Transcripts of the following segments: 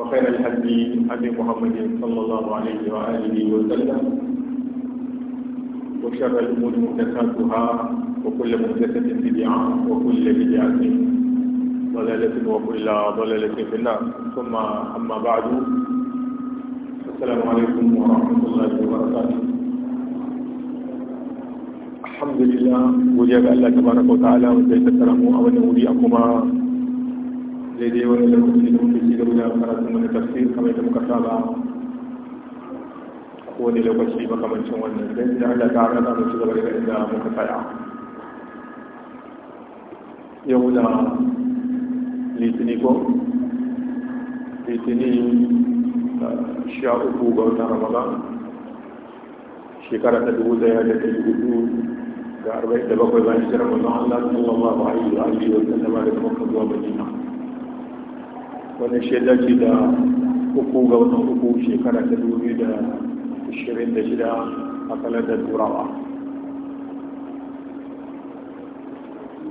وخير الهدي هدي محمد صلى الله عليه وآله وسلم وشر الأمور محدثاتها وكل محدثة بدعة وكل بدعة ضلالة وكل ضلالة في النار ثم أما بعد السلام عليكم ورحمة الله وبركاته الحمد لله وجاب الله تبارك وتعالى وزيد السلام وأولي أقوم daidai wani lokaci da muke ci gaba da karatu wani tafsir kamar da muka saba a kowane lokaci makamancin wannan dan da Allah ta haka mu ci gaba da inda muka tsaya yau da litini ko litini eh, sha uku ga wata ramadan shekara ta dubu daya da ɗari hudu da arba'in da bakwai bayan shirin wannan Allah a yi wa alihi wa sallama daga makka zuwa madina wanda shi ce da uku ga watan uku shekara ta dubu da ashirin da shida a kalandar turawa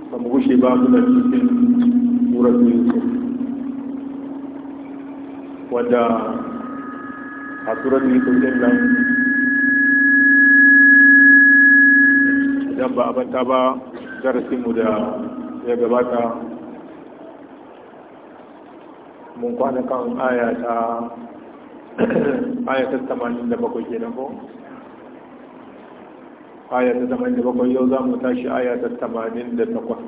ba mu gushe ba muna cikin suratu yusuf wanda a suratu yusuf din nan idan ba a banta ba darasinmu da ya gabata mun kwana kan aya tamanin da bakwai ke ko? aya ta tamanin da bakwai yau zamu tashi aya tamanin da takwas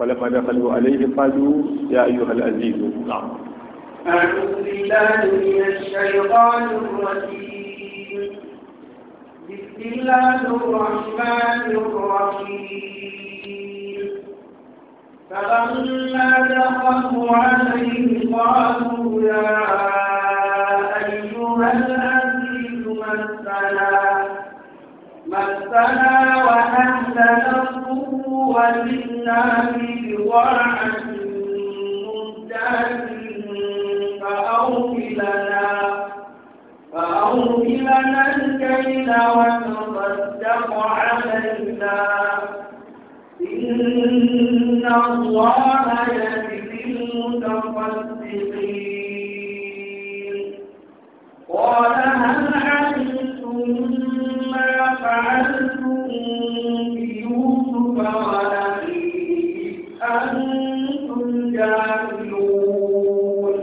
falama da kalu alaihi falu ya yi yi halazizu na فلما دخلوا عليه قالوا يا أيها العزيز مسنا مسنا وأنت نصره وجئنا ببضاعة مزداد الكيل وتصدق علينا إن الله يجزي المتصدقين قال هل علمتم ما فعلتم بيوسف وأخيه أنتم جاهلون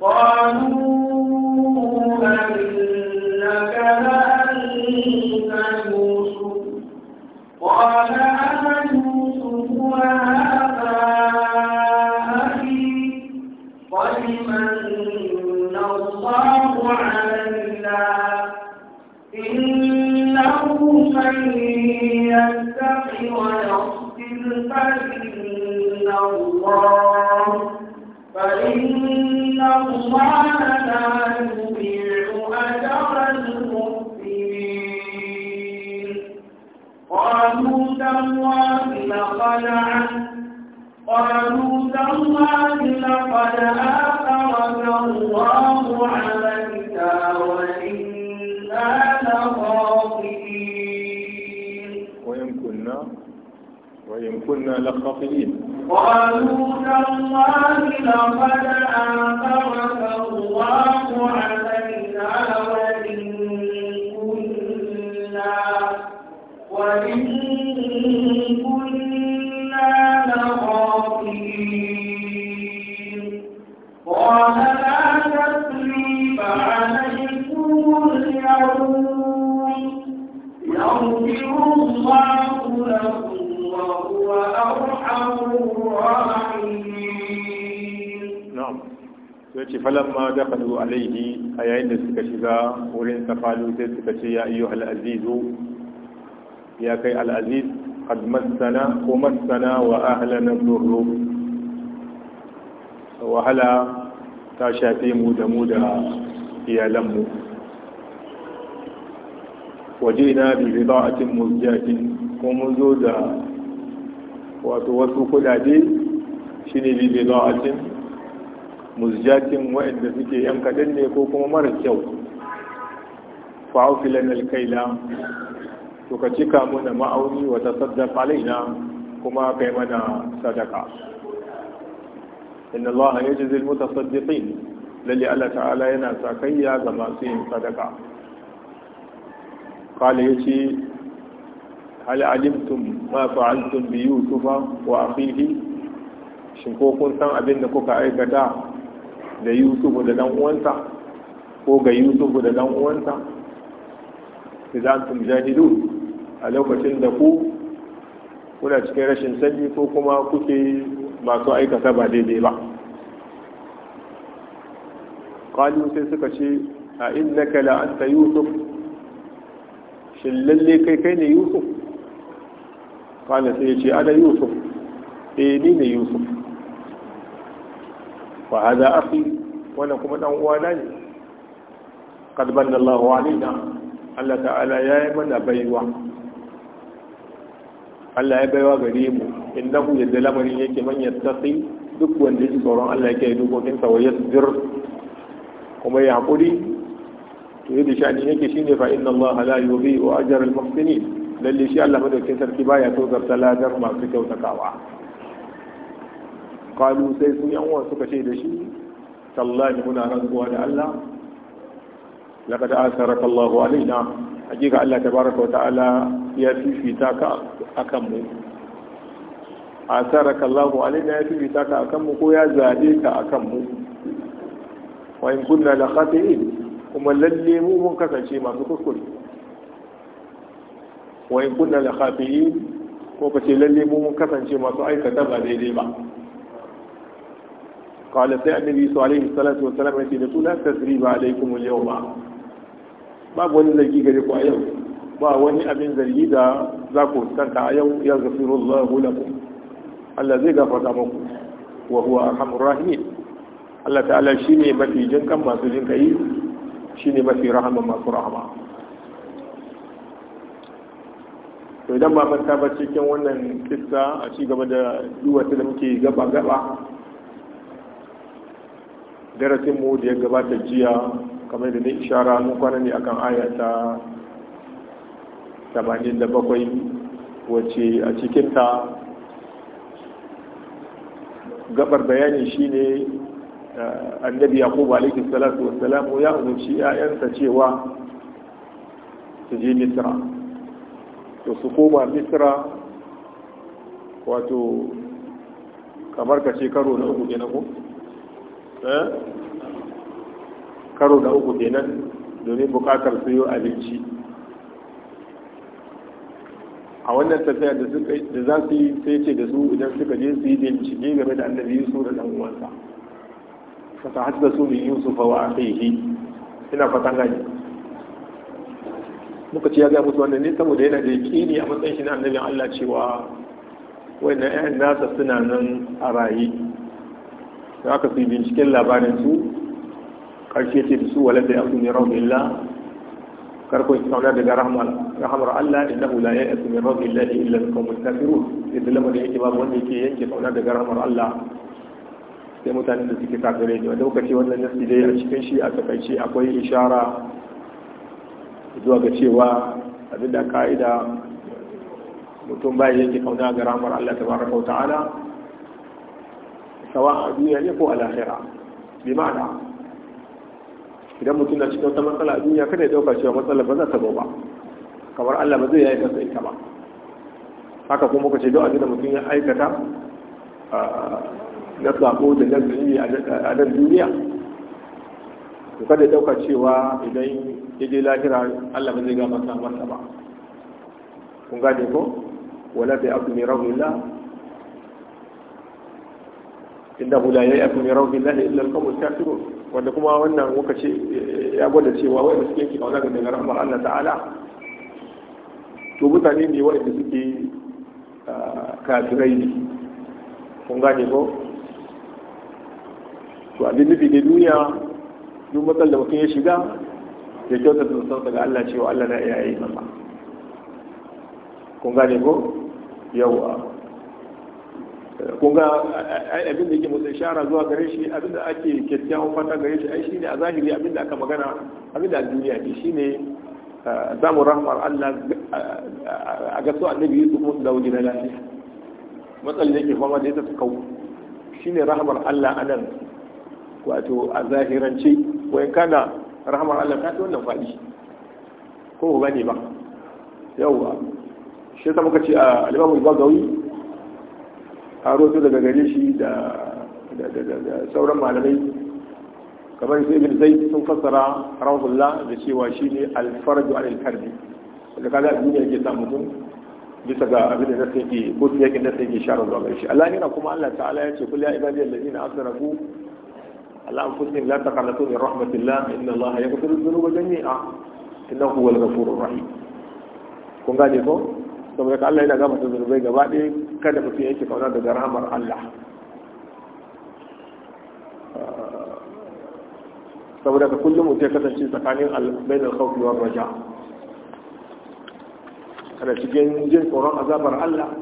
قالوا أنك لأنت يوسف قال ya kai al'aziz qad massana ko massana wa ahlana durru wahala ta shafe mu da mu da iyalanmu waje na a cin muzjatin ko mun zo da wato wasu kudade shine bi bida'atin muzjatin waɗanda suke yan kaɗan ne ko kuma mara kyau fa'ufilan alkaila to ka cika mana ma'auni wa tasaddaq alaina kuma kai mana sadaka inna Allah yajzi al-mutasaddiqin lalle Allah ta'ala yana sakayya ga masu yin sadaka qala yace hal alimtum ma fa'altum bi yusufa wa akhihi shin ko kun san abin da kuka aikata da yusufu da dan uwansa ko ga yusufu da dan uwansa idan tum jahilun a lokacin da ku kuna cikin rashin sani ko kuma kuke masu aikata ba daidai ba ƙwalin sai suka ce a kala an ta yusuf shin lalle kai kai ne yusuf ƙwalin sai ya ce ana yusuf eh ni ne yusuf ba hada akhi Wani kuma dan uwana ne qad banna Allahu na. Allah ta'ala ya yi mana baiwa Allah ya baiwa gare mu innahu yadda lamarin yake man tasi duk wanda yake tsoron Allah yake dokokin sa wa yasbir kuma ya hakuri to yadda shani yake shine fa inna Allah la yudhi'u ajra al-muhsinin lalle shi Allah madaukakin sarki baya tozarta ladar masu kyautakawa kalu sai su yan uwan suka ce da shi tallahi muna rantsuwa da Allah laqad asaraka Allahu alaina hakika Allah baraka wa ta'ala ya fifita ka kanmu. A asaraka Allah alaina ya fifita ka a kanmu ko ya zabe ka a kanmu. wa in kunna la khati'in kuma lalle mu mun kasance masu kuskure wa in kunna la khati'in ko ce lalle mu mun kasance masu aikata ba daidai ba قال سيدنا النبي صلى الله عليه وسلم يقول لا تسريب عليكم اليوم babu wani zargi gare ku a yau ba wani abin zargi da za ku tanta a yau ya gafiru Allahu lakum Allah zai gafarta muku wa huwa arhamur rahim Allah ta'ala shine mafi jinkan masu jinkai shine mafi rahama masu rahama to idan ba manta ba cikin wannan kissa a ci gaba da duwata da muke gaba gaba darasin mu da ya gabata jiya kamar da na ishara mun kwana ne akan ayata 87 wacce a cikinta gabar bayani shine eh, annabi yaqubu alaihi salatu wassalamu ya umarci ‘ya'yansa cewa su je misra to su koma misra wato kamar ka ce karo na uku kenan ko eh? karo da uku kenan domin bukatar su yi abinci a wannan tafiya da za su yi sai ce da su idan suka je su yi bincike game da annabi yusuf da dan uwansa ta hadda su bin yusuf wa akhihi ina fatan gani muka ce ya ga musu wannan ne saboda yana da yakini a matsayin shi na annabi Allah cewa wannan ƴaƴan nasa suna nan a raye da aka fi binciken labarin su الشيخ يسوع الذي يأتي من رضي الله كركو يستعنى بقرحمة رحمة الله إنه لا يأتي من رضي الله إلا بكم الكافرون إذا لم يأتي باب ونكي يستعنى بقرحمة الله يمتعني بسي كتاب ريني ودوك شيء ولا نفسي دي أشكي شيء أتكي شيء أقوي إشارة دوك شيء وا أبدا كايدا mutum ba ya yake kauna ga ramar Allah tabaraka wa ta'ala sawa a duniya idan mutum na cikin wata matsala a duniya kada ya dauka cewa matsalar ba za ta zo ba kamar Allah ba zai yayi masa ita ba haka kuma muka ce duk abin da mutum ya aikata na sako da na zunubi a nan duniya to kada ya dauka cewa idan ya je lahira Allah ba zai ga masa masa ba kun gane ko wala bi abdu inda rahmillah إنه لا يأكل من روض الله إلا القوم الكافرون wanda kuma wannan muka ce ya gwada cewa wa'anda suke yanki kauna ga daga rahmar Allah ta'ala to mutane ne wa'anda suke kafirai ne kun gane ko to a nufi ne duniya duk matsal da mutum ya shiga ya kyauta da sun ga Allah cewa Allah na iya yi masa kun gane ko yawa kun ga abin yake motsa shara zuwa gare shi abinda ake kyakkyawan fata gare shi ai shine a zahiri abinda aka magana abinda da duniya ne shine zamu rahmar Allah a ga su annabi Yusuf mun dawo gida lafiya matsalin yake fama da ita ta kau shine rahmar Allah anan wato a zahirance wai kana rahmar Allah ta wannan faɗi ko ba ne ba yawwa shi ta muka ce a al-Imam haroto daga gare shi da sauran malamai kamar su ibn zaid sun fassara rahullah da cewa shine alfarju anil karbi da kaga abin da yake sa mutum bisa ga abin da na sai ko sai yake na sai ke shara zuwa gare shi Allah yana kuma Allah ta'ala ya ce kul ya ibadi allazina asrafu an anfusihim la taqnatu min rahmatillah inna Allah yaghfiru dhunuba jami'a innahu huwal ghafurur rahim kun gane ko saboda ka Allah yana gama zunubai gaba ɗaya kada mutum yake kauna da rahamar Allah saboda ka kullum mutum ya kasance tsakanin albain alkhawfi wa raja kada cikin jin tsoron azabar Allah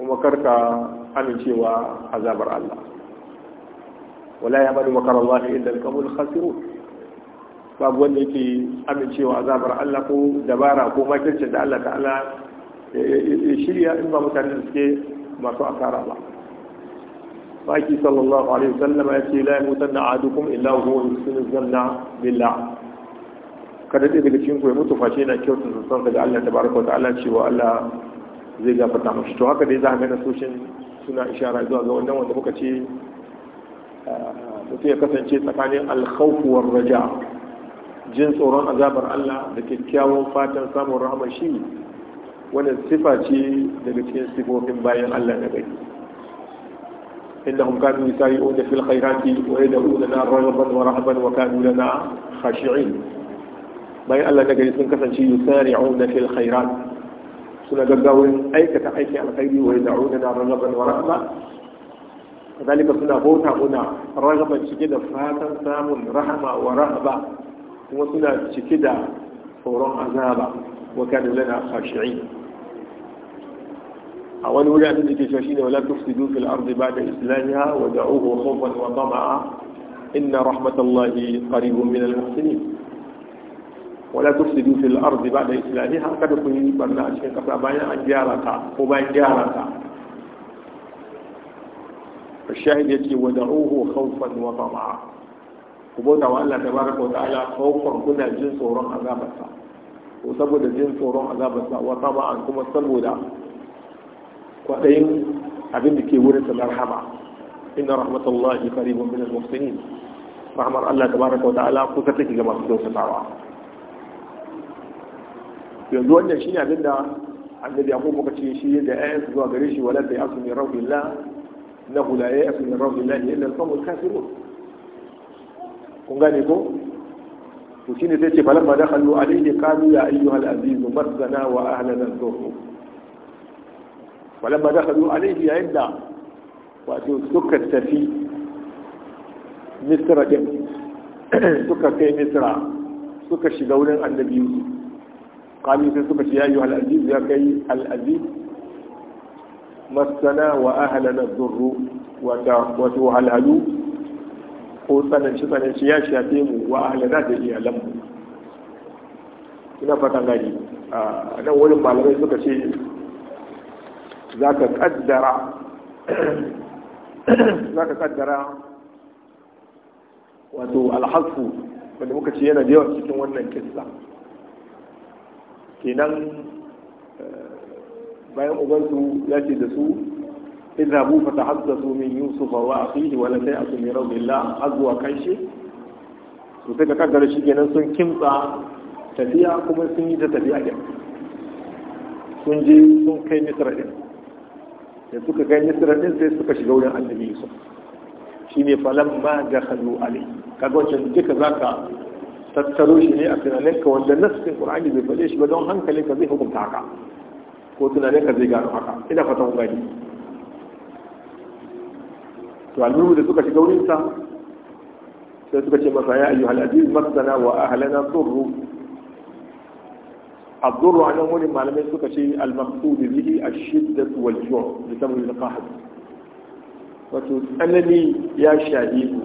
kuma karka amincewa azabar Allah wala ya bari makar Allah illa alqawmul khasirun babu wanda yake amincewa azabar Allah ko dabara ko makirce da Allah ta'ala ya shirya in ba mutane da suke masu asara ba baki sallallahu alaihi wasallam ya ce la yamutanna ahadukum illa huwa yusinu zanna billah kada dai daga cikin ku ya mutu fashe na kyautu san daga Allah tabaraka wa ta'ala cewa Allah zai gafarta mashi to haka dai za a ga nasoshin suna ishara zuwa ga wannan wanda muka ce ah, mutum ya kasance tsakanin alkhawfu war raja' jin tsoron azabar Allah da kyakkyawan fatan samun rahama shi wannan sifa ce daga cikin sifofin bayan Allah na gari إنهم كانوا يسارعون في الخيرات ويدعوننا رغبا ورهبا وكانوا na خاشعين bayan Allah na gari sun kasance yusari'una fil khairat suna gaggawin aikata aiki alkhairi wa yad'una raghaban wa rahma kadalika suna bauta muna raghaban cike da fatan samun rahama wa rahba kuma suna cike da tsoron azaba wa kanu lana khashi'in a wani wuri da ke cewa ne wala tufsidu fil ardi ba'da islamiha wa da'uhu khawfan wa tama'a inna rahmatallahi qaribun min al muhsinin wala tufsidu fil ardi ba'da islamiha kada ku yi barna a cikin kasa bayan an gyara ta ko bayan gyara ta الشاهد يأتي ودعوه خوفا وطمعا ku bauta wa Allah tabaraka wa ta'ala khawfan kuna jin tsoron azabarsa ko saboda jin tsoron azabarsa wa taba'an kuma saboda kwaɗayin abin da ke wurin sa rahama inna rahmatullahi qaribun min al-muhsinin rahmar Allah tabaraka wa ta'ala kusa take ga masu kyautatawa yanzu wannan shine abin da annabi abu muka ce shi da ayyan zuwa gare shi wala da yasu min rawillah na la yasu min rawillah illa al-qawm al-kafirun kun gane ko to shine sai ce falamma dakhalu alayhi qalu ya ayyuhal Azizu, masana wa ahlana dhuhu falamma dakhalu alayhi yayin da wato suka tafi misra din suka kai misra suka shiga wurin annabi yusuf qalu sai suka ce ya ayyuhal Azizu, ya kai al aziz masana wa ahlana dhuhu wato wato halhalu ko tsananci tsananci ya shafe mu wa ahlana da iyalanmu ina fatan gani a nan wurin malamai suka ce za ka kaddara za ka kaddara wato alhassu wanda muka ce yana da yawa cikin wannan kissa kenan eh, bayan ubansu ya ce da su اذهبوا فتحدثوا wa يوسف واخيه ولا تيأسوا من روض الله أزوى كيشي to sai ka kaddara shi kenan sun kimtsa tafiya kuma sun yi ta tafiya din sun je sun kai misra din da suka kai misra din sai suka shiga wurin annabi yusuf shine falamma dakhalu alai kaga wancan duka zaka tattaro shi ne a tunaninka wanda nassin qur'ani bai faɗe shi ba don ka zai hukunta haka ko tunaninka zai gano haka ina fatan gani to almuru da suka shiga wurinsa sai suka ce masa ya ayyuhal aziz masana wa ahlana durru الضر عن أمور معلمين سوكا شيء المقصود به الشدة والجوع بسبب القحط وتسألني يا شهيد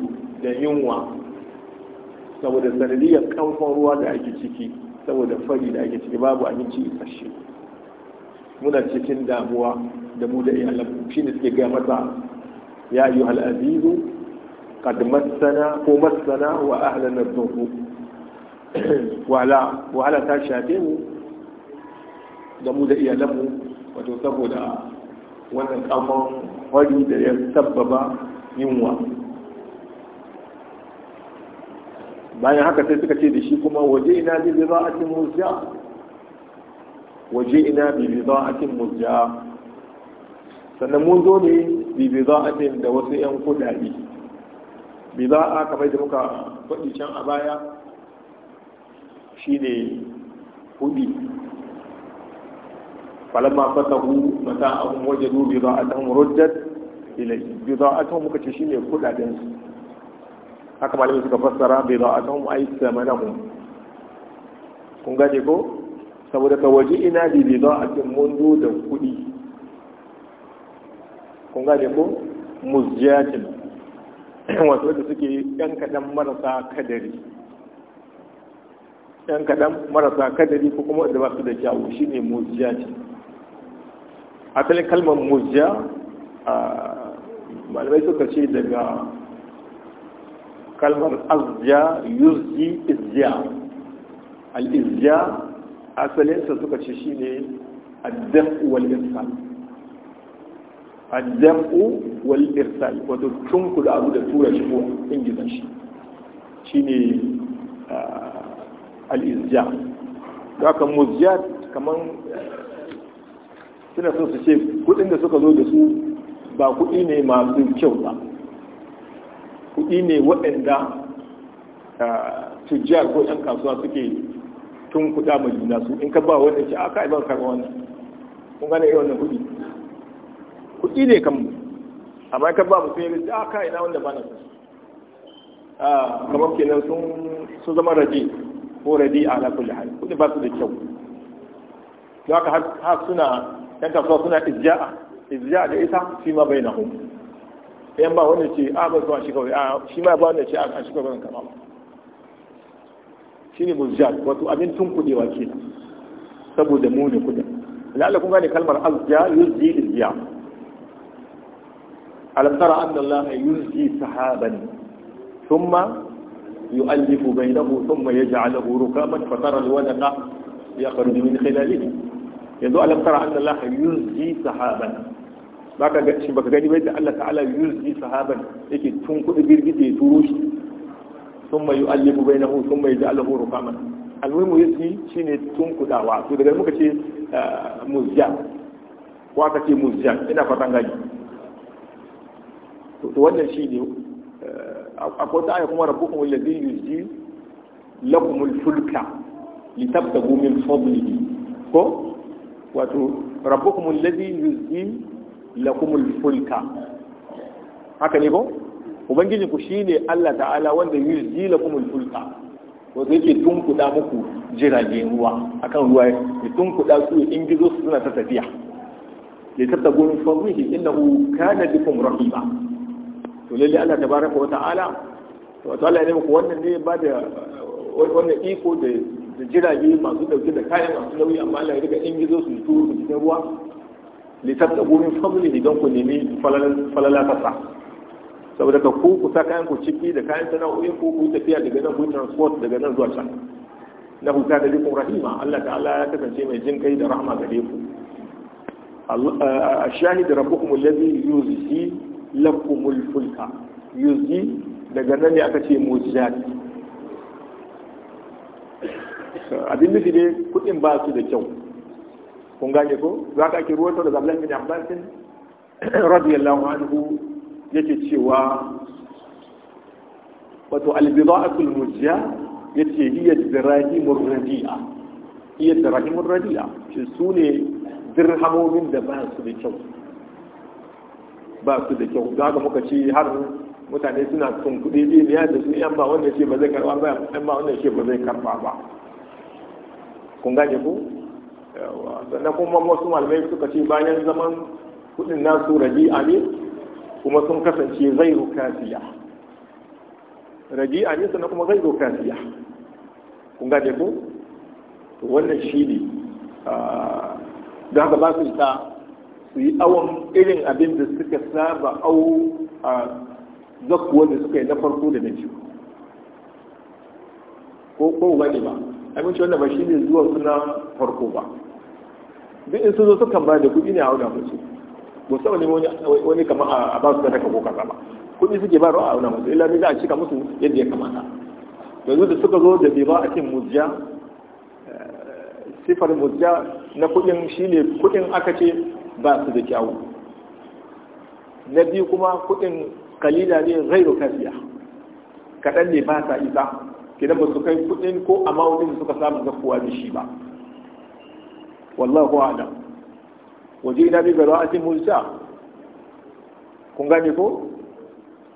da yunwa saboda sanadiyar kamfan ruwa da ake ciki saboda fari da ake ciki babu abinci isasshe muna cikin damuwa da mu da iyalan shi ne suke gaya masa ya ayyuha al-azizu qad massana ko masana wa ahlana dhuhu wala wala ta shafe mu da mu da iyalanmu wato saboda wannan kamar wari da ya sabbaba yunwa bayan haka sai suka ce da shi kuma waje ina bi bida'atin muzja waje ina bi sannan mun zo ne bi bida'atin da wasu yan kudade bida'a kamar da muka faɗi can a baya shine kudi falamma fatahu mata'ahum wajadu bida'atahum ruddat ilayhi bida'atuhum muka ce shine kudaden su haka malamin suka fassara bida'atuhum ay samanahum kun gaje ko saboda ka waje ina bi bida'atin mundu da kudi kun gane ko muzjatin wato da suke yan kaɗan marasa kadari yan kadan marasa kadari ko kuma wanda ba su da kyawu shine muzjatin asalin kalmar muzja malamai suka ce daga kalmar azja yuzji izja al-izja asalinsa suka ce shine addaf wal insan aljam'u wal irsal wato da abu da tura shi ko ingiza shi shine al-izja da ka muzjat kaman suna son su ce kudin da suka zo da su ba kudi ne masu kyau ba kudi ne waɗanda tujjar ko ɗan kasuwa suke tun kuɗa majina juna su in ka ba wannan ce aka ban karɓa wannan kun gane irin wannan kuɗi kuɗi ne kan mu amma kan ba mutum ya a ah, ka ina wanda ba na so a ah, kamar kenan sun sun zama raje ko a ala kulli hal kuɗi ba su da kyau don haka har suna yan kasuwa suna ijja'a ijja'a da isa shi ma bai na hu yan ba wanda ce ah, a ba zuwa shi kawai a shi ma ba wanda ce a shi kawai kama shi ne muzjad wato abin tun kudewa ke saboda mu ne kudin lalakun kun gane kalmar azja yuzji izja alam tara anna allaha yuzji sahaban thumma yu'allifu bainahu thumma yaj'aluhu min khilalihi yanzu alam tara anna allaha yuzji sahaban baka ga shi baka gani bai da Allah ta'ala yuzji sahaban yake tun kudi girgije turo shi thumma yu'allifu bainahu thumma yaj'aluhu almuhimu yuzji shine tun kudawa to daga muka ce muzja ko aka muzja ina fatan gani to wannan shi ne eh, akwai ta aya kuma rabbukum allazi yuzji lakum alfulka litabtagu min fadlihi ko wato rabbukum allazi yuzji lakum fulka. haka ne ko ubangiji ku shine Allah ta'ala wanda yuzji lakum alfulka wato yake tunkuda muku jiragen ruwa akan ruwa ya tunkuda su in gizo su suna ta tafiya litabtagu min fadlihi innahu kana bikum rahiba to lalle Allah baraka wa ta'ala to ta'ala ya nemi wannan ne ba da wannan iko da jirage masu dauke da kayan masu nauyi amma Allah ya riga in gizo su turu su cikin ruwa litabta gurin fadlihi idan ku nemi falala kasa saboda ka ku ku sa kayan ku ciki da kayan sana'o'in ku ku tafiya daga nan ku transport daga nan zuwa can na ku da bikum rahima Allah ta'ala ya kasance mai jin kai da rahama gare ku الشاهد ربكم الذي يوزي lakumul fulka yuzi daga nan ne aka ce mujjat abin da dai kuɗin ba su da kyau kun gane ko za ka ake ruwatar da zablan bin abbasin radiyallahu anhu yake cewa wato albida'atul mujja yace hiya dirahimur radi'a hiya dirahimur radi'a shi sune dirhamomin da ba su da kyau ba su da kyau za ka muka ci har mutane suna sun kuɗi biyu ne da su yan ba wanda ce ba zai karɓa ba yan ba wanda ce ba zai karɓa ba kun gane ku sannan kuma wasu malamai suka ce bayan zaman kuɗin nasu a ne kuma sun kasance zai rukasiya a ne sannan kuma zai rukasiya kun gane ku wannan shi ne ah, da haka ba su ita su yi awon irin abin da suka saba au a zakuwa da suka yi na farko da na biyu ko ko gani ba abinci wanda ba shi ne zuwa suna farko ba duk in sun zo suka ba da kuɗi ne a auna mutu ba sau ne wani kama a ba su da daga kaza ba kuɗi suke ba a auna musu illa ne za a cika musu yadda ya kamata yanzu da suka zo da bai ba a cin mujiya eh, sifar mujiya na kuɗin shi ne kuɗin aka ce ba su da kyawu na biyu kuma kuɗin kalila ne rairu kafiya kaɗan ne ba sa isa kidan ba su kai kuɗin ko a amawunin suka samu zafuwa da shi ba wallahu a'lam waje ina bi jimun mulsa kun gane ko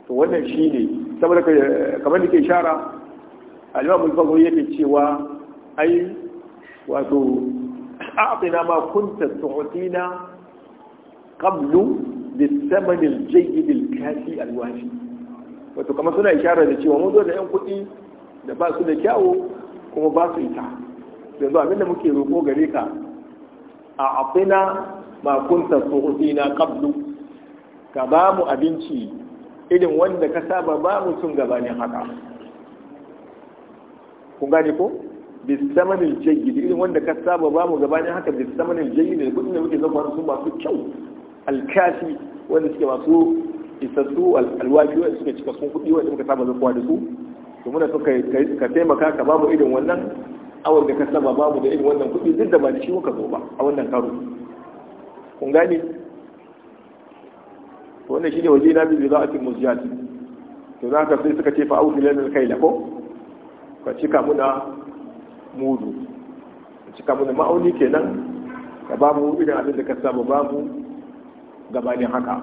to wannan ne saboda kamar da ke shara al-imam yake cewa ai wato a'tina ma kunta tu'tina قبل بالثمن الجيد الكافي الواجب wato kamar suna isharar da cewa mun zo da yan kuɗi da ba su da kyawu kuma ba su ita yanzu abinda muke roƙo gare ka a afina ma kunta na qablu ka ba mu abinci irin wanda ka saba ba mu sun gabanin haka kun gane ko bisamanin jayyid irin wanda ka saba ba mu gabanin haka bisamanin jayyid da kudin da muke zama su masu kyau alkafi wanda suke masu isassu alwafi wanda suke cika sun kuɗi wanda muka saba zakuwa da su to muna so ka taimaka ka babu irin wannan awar da ka saba babu da irin wannan kuɗi duk da ba da shi muka zo ba a wannan karo kun gane wannan shine waje na biyu za'atin musjati to za ka sai suka ce fa auki lana kai ko ka cika muna mudu ka cika muna ma'auni kenan ka babu mu irin abin da ka saba babu gabanin haka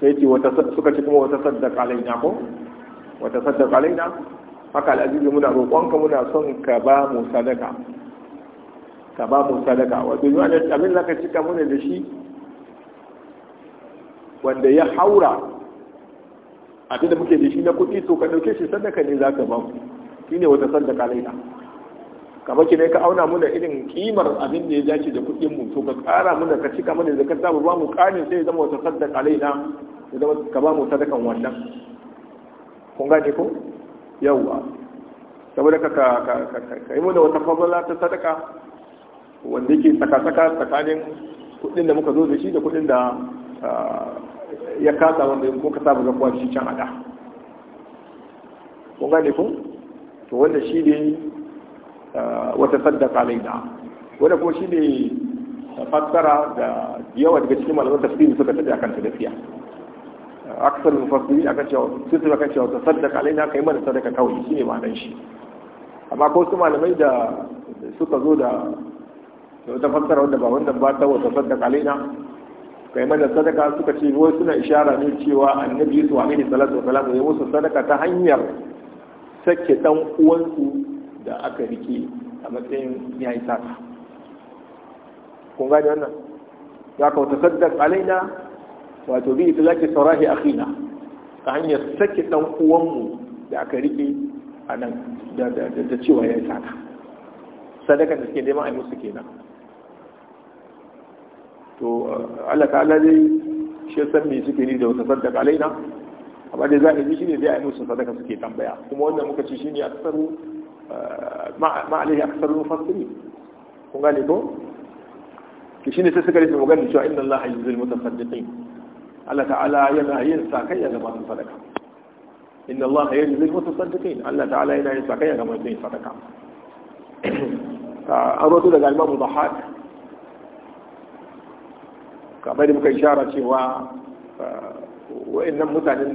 sai ce suka ci kuma wata kalin ya ko wata kalin ya haka al'azizu muna roƙonka muna son ka ba mu sadaka ka ba mu sadaka wato yi wani abin laka ka cika muna da shi wanda ya haura abin da muke da shi na kuɗi to ka ɗauke shi sadaka ne za ka ba mu shi ne wata kalin ya kamar ki ne ka auna muna irin kimar abin da ya dace da kuɗin mu to ka ƙara muna ka cika mana da ka samu ba mu ƙarin sai ya zama wata sadaka alaina ya zama ka ba mu sadakan wannan kun gane ko yawwa saboda ka ka ka ka yi muna wata fadala ta sadaka wanda yake tsaka-tsaka tsakanin kuɗin da muka zo da shi da kuɗin da ah, ya kasa wanda ko ka saba ga kwashi can ada kun gane ko to wanda shi ne wata saddaka alaina wanda ko shi ne fassara da yawa daga cikin malaman tafsiri suka tafi akan ta gaskiya aksar mufassiri aka cewa sun tafi akan cewa ta saddaka alaina kai mana sadaka kawai shine ma'anar shi amma ko su malamai da suka zo da wata fassara wanda ba wanda ba ta wata saddaka alaina kai mana sadaka suka ce wai suna ishara ne cewa annabi Yusuf alaihi salatu wa salam ya musu sadaka ta hanyar sake dan uwansu da aka rike a matsayin ya yi sata kun gani wannan za ka wata saddaq alaina wato bi ita zaki saurahi fina ta hanyar sake ɗan uwanmu da aka rike a nan da cewa ya yi sata sadakan da suke neman a musu kenan to Allah ala dai shi san me suke ni da wata saddaq alaina amma dai za a yi shi ne zai a yi musu sadaka suke tambaya kuma wannan muka ce shi ne a tsaro ma alaihi aksarul mufassiri kun gane ko ki shine sai suka rufe magana cewa inna allaha yuzil mutasaddiqin Allah ta'ala yana yin sakayya ga masu sadaka inna allaha yuzil mutasaddiqin Allah ta'ala yana yin sakayya ga masu sadaka an rotu daga al-imamu dhahhak kamar da muka ishara cewa eh, wa'annan mutanen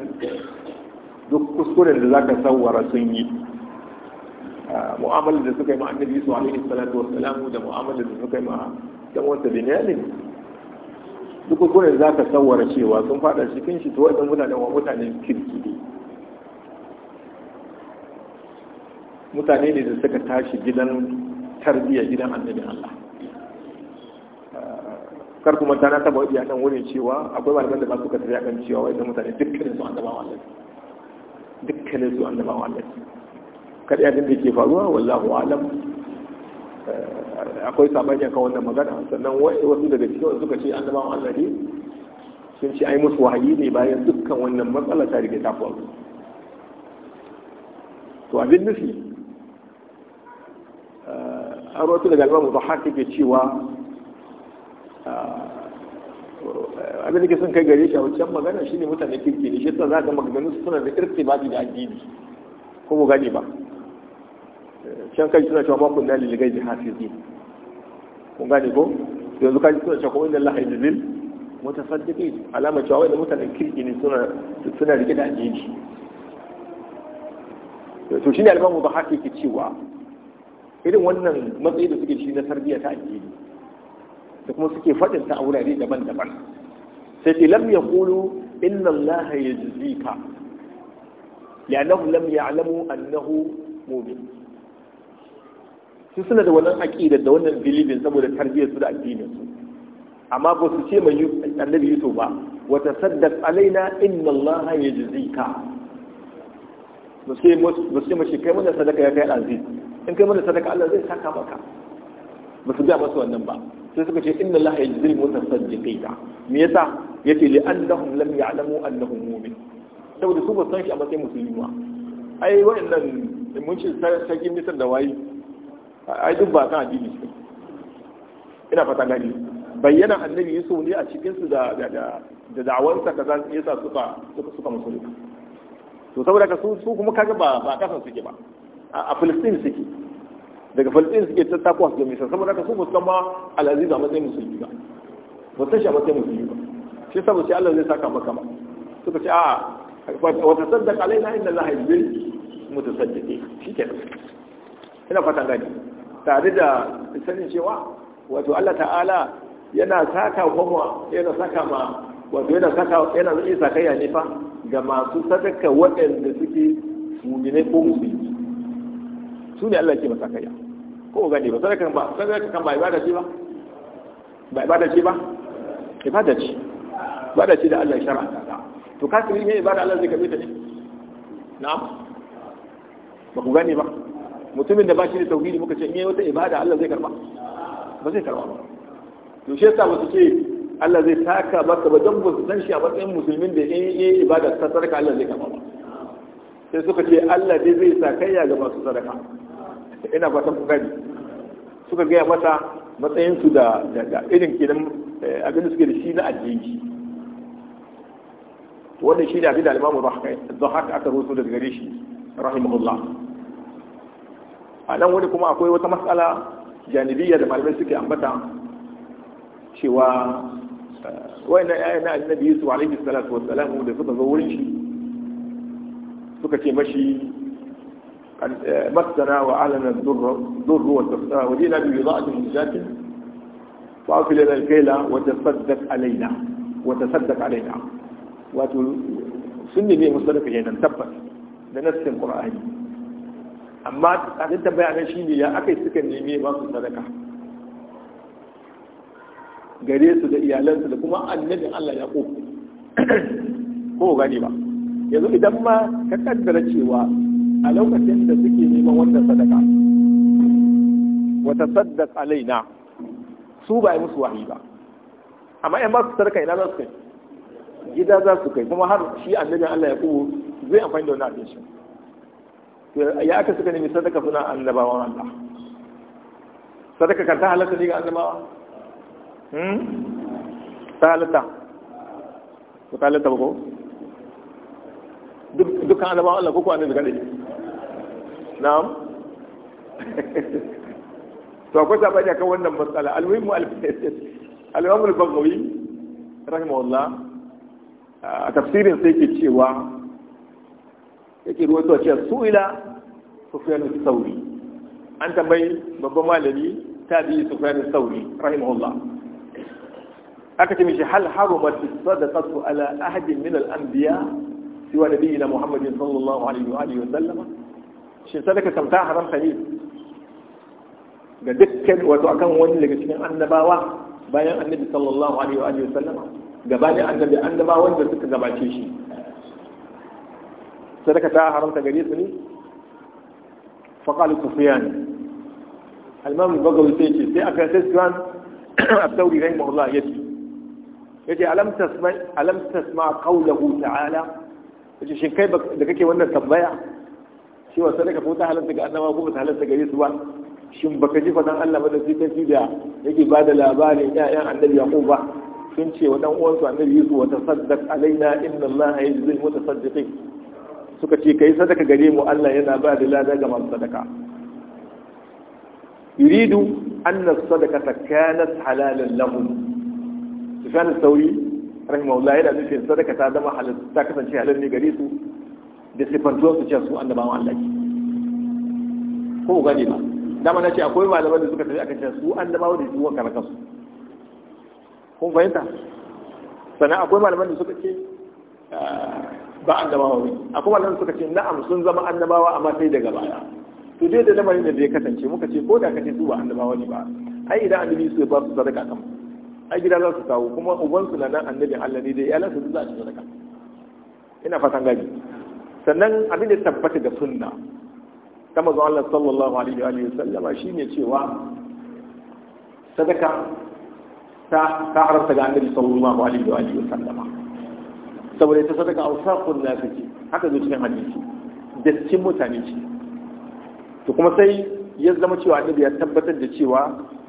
duk kuskuren da zaka sawara sun yi mu'amalar da suka yi ma annabi su alaihi salatu wassalamu da mu'amalar da suka yi ma dan wata binyamin duk gurin za ka tsawara cewa sun fada cikin shi to wajen mutanen wa mutanen kirki ne mutane ne da suka tashi gidan tarbiyya gidan annabi Allah kar kuma ta na taba wadi akan wurin cewa akwai malaman da ba su ka tafi kan cewa wai da mutane dukkanin su annabawa Allah dukkanin su annabawa Allah Kadai abin da ke faruwa wallahu alam eh, akwai sabani akan wannan magana sannan wasu daga cikin wasu suka ce annabawan Allah ne sun ce ai musu wahayi ne bayan dukkan wannan matsala ta rike ta faru to abin nufi eh, an rotu daga albamu ba haka ke cewa eh, abin da ke sun kai gare shi a wancan magana shine mutane kirki ne shi yasa za ka maganganu suna da irtibati da addini ko mu gani ba can kai suna cewa bakun na liligai bi hafizi kun gane ko yanzu kaji suna cewa kuma inda Allah ya zil mutasaddiqi alama cewa wai mutanen kirki ne suna suna rike da addini to shine al mu bahaki ke cewa irin wannan matsayi da suke shi na tarbiyya ta addini da kuma suke faɗin ta a wurare daban-daban sai ce lam yaqulu inna Allah yajzika li'annahu lam ya'lamu annahu mu'min su suna da wannan aƙidar da wannan bilibin saboda tarbiyyar su da addinin su amma ba su ce mai annabi yusuf ba wa tasaddaq alaina inna allaha yajzika ba su ce mashi kai mana sadaka ya kai aziz in kai mana sadaka Allah zai saka maka ba su ga masu wannan ba sai suka ce inna allaha yajzil mutasaddiqina me yasa yace li annahum lam ya'lamu annahum mu'min saboda su ba san shi a matsayin musulmi ba ai wa'annan mun ce sarkin misar da wayi ai duk ba kan addini su ina fata gani bayyana annabi yin ne a cikin su da da da'awarsa kaza yasa suka suka suka musulunta to saboda ka su kuma kaga ba ba kasan suke ba a Filistin suke daga Filistin suke ta a su gamisa saboda ka su ma al'aziz a matsayin musulmi ba wata shi a matsayin musulmi ba shi saboda shi Allah zai saka maka ba suka ce a wata saddaka alaina inna Allah yuzil mutasaddiqin shi kenan ina fata gani tare da sanin cewa wato Allah ta'ala yana saka kuma yana saka ma wato yana saka yana yi sakayya ne fa ga masu sadaka waɗanda suke mumine ko musulmi su ne Allah ke masa kayya ko ne ba sadaka ba sadaka kan ba ibada ce ba ba ibada ce ba ibada ce ibada ce da Allah ya shar'a to kafiri ne ibada Allah zai kabe ta ne na'am ba ku gane ba mutumin da ba shi da tauhidi muka ce in yi wata ibada Allah zai karba ba zai karba ba to shi yasa wasu su ce Allah zai taka maka ba dan ba san shi a matsayin musulmin da in yi ibada ta sadaka Allah zai karba ba sai suka ce Allah dai zai sa kayya ga masu sadaka ina fatan ku gani suka gaya mata matsayinsu da irin kenan eh, da suke da shi na addini wannan shi ne abin da alimamu da haka aka rusu daga gare shi rahimahullah a nan wani kuma akwai wata matsala janibiyya da malamai suke ambata cewa eh, wayannan ayyan na annabi yusuf alaihi salatu wassalam da suka zo wurin shi suka ce mashi مسنا وأعلن الضر والسخطاء ودينا ببضاعة منجات فأوفي لنا الكيل وتصدق علينا وتصدق علينا وتسني به مصدق هنا تبت لنفس القرآن amma tsarin ta nan shi ne ya aka yi suka neme ba su sadaka gare su da iyalansu da kuma annabin Allah ya ko ko gani ba yanzu idan ma ka kaddara cewa a lokacin da suke neman wannan sadaka wata saddaq alaina su ba yi musu wahi ba amma yan ba su sadaka ina za su kai gida za su kai kuma har shi annabin Allah ya ko zai amfani da wani abin shi ya aka suka nemi sadaka suna annabawan Allah sadaka kan ta halatta ne ga annabawa hmm ta halatta ko ta halatta ko dukkan annabawan Allah ko ko annabi kadai na'am to akwai ta sabani akan wannan matsala almuhimmu al-imam al-baghawi rahimahullah a tafsirin sai ke cewa yake ruwaito cewa su'ila sufyan sauri an tambayi babban malami tabi sufyan sauri rahimahullah aka ce mishi hal harumat sadaqatu ala ahadin min al da siwa na muhammadin sallallahu alaihi wa alihi wa sallama shi sadaka samta haramta ne ga dukkan wato akan wani daga cikin annabawa bayan annabi sallallahu alaihi wa alihi wa sallama gabanin annabi annabawa da suka gabace shi sadaka ta haramta gare su ne faqal sufyan al-imam al-bagawi sai ce sai aka sai sufyan at-tawri rahimahullah yace yace alam tasma alam tasma qawluhu ta'ala yace shin kai da kake wannan tambaya shi cewa sadaka ko ta halarta ga annaba ko ba ta halarta gare su ba shin baka ji fadan Allah ba da sai da yake ba da labarin ƴaƴan annabi Yaqub ba sun ce wa dan uwansu annabi Yusuf wa tasaddaq alaina inna Allah yajzi al-mutasaddiqin suka ce kai sadaka gare mu Allah yana ba da lada ga masu sadaka yuridu anna sadaqata kanat halalan su sufyan sauri rahimahullah yana nufin sadaka ta zama halal ta kasance halal ne gare su da sifantuwa su ce su wa Allah ke ko gane ba dama na ce akwai malaman da suka tafi aka ce su annabawa da su wanka na kansu kun fahimta sannan akwai malaman da suka ce ba annabawa ne akwai wannan suka ce na'am sun zama annabawa amma sai daga baya to dai da lamarin da zai kasance muka ce ko da kace su ba mawa wani ba ai idan annabi su ba su sadaka kan ai gida za su kawo kuma ubansu na nan annabi Allah ne dai iyalansa su za su sadaka ina fatan gani sannan abin da tabbata da sunna ta manzo Allah sallallahu alaihi wa sallama shine cewa sadaka ta ta arabta ga annabi sallallahu alaihi wa sallama saboda ita sadaka ausaqun nafiki haka zo cikin hadisi da cikin mutane ce to kuma sai ya zama cewa annabi ya tabbatar da cewa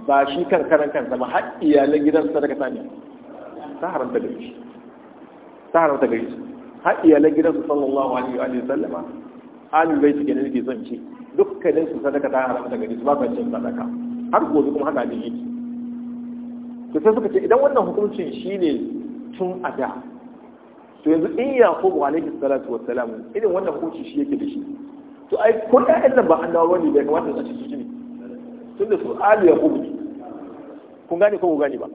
ba shi karkaran kansa ba har iyalan gidan sadaka ta ne ta haramta gare shi ta haramta gare shi har iyalan gidan su sallallahu alaihi wa sallama alul bai kenan yake son ce dukkanin su sadaka ta haramta gare su ba ban cin sadaka har gobe kuma haka ne yake to sai suka ce idan wannan hukuncin shine tun a da to yanzu in yaqubu alaihi salatu wassalam irin wannan hukunci shi yake da shi to ai ko ɗayan nan ba annabawa ne da kamata su ci su ne tunda su alu yaqubu kun gane ko ku gane ba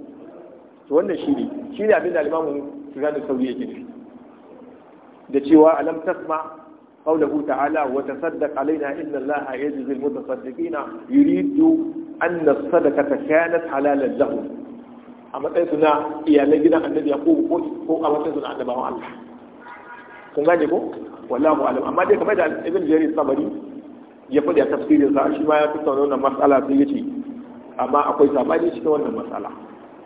to wannan shi ne shi ne abin da alimamu sufyan sauri yake nufi da cewa alam tasma قوله تعالى وتصدق علينا إن الله يجزي المتصدقين يريد أن الصدقة كانت حلالا لهم a matsayin suna iyalai iyalan gidan annabi yaqub ko ko a matsayin suna na annabawan Allah kun gane ko wallahu alam amma dai kamar da ibn jarir sabari ya faɗi a tafsirin sa shi ma ya tattauna wannan matsala sai yace amma akwai sabani cikin wannan matsala,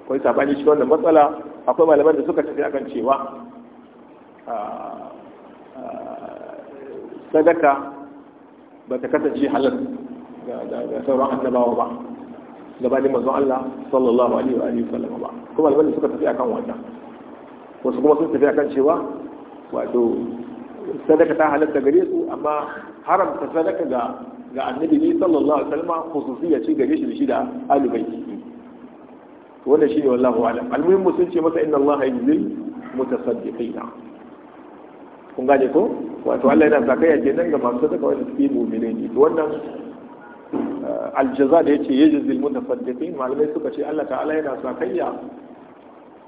akwai sabani cikin wannan matsala akwai malaman da suka tafi akan cewa ah, ah, sadaka ba ta kasance halal ga sauran annabawa ba gabanin manzon Allah sallallahu alaihi wa alihi wasallam ba kuma albalin suka tafi akan wannan wasu kuma sun tafi akan cewa wato sadaka ta halatta gare su amma haramta sadaka ga ga annabi ne sallallahu alaihi wasallam khususiyya ce gare shi da shi da alubaiti wannan shine wallahu alam almuhimmu sun ce masa inna allaha yuzil mutasaddiqina kun gane ko wato Allah yana zakaya kenan ga masu sadaka wanda suke mu'mini ne to wannan aljaza da yace da mutafaddiqin malamai suka ce Allah ta'ala yana sakayya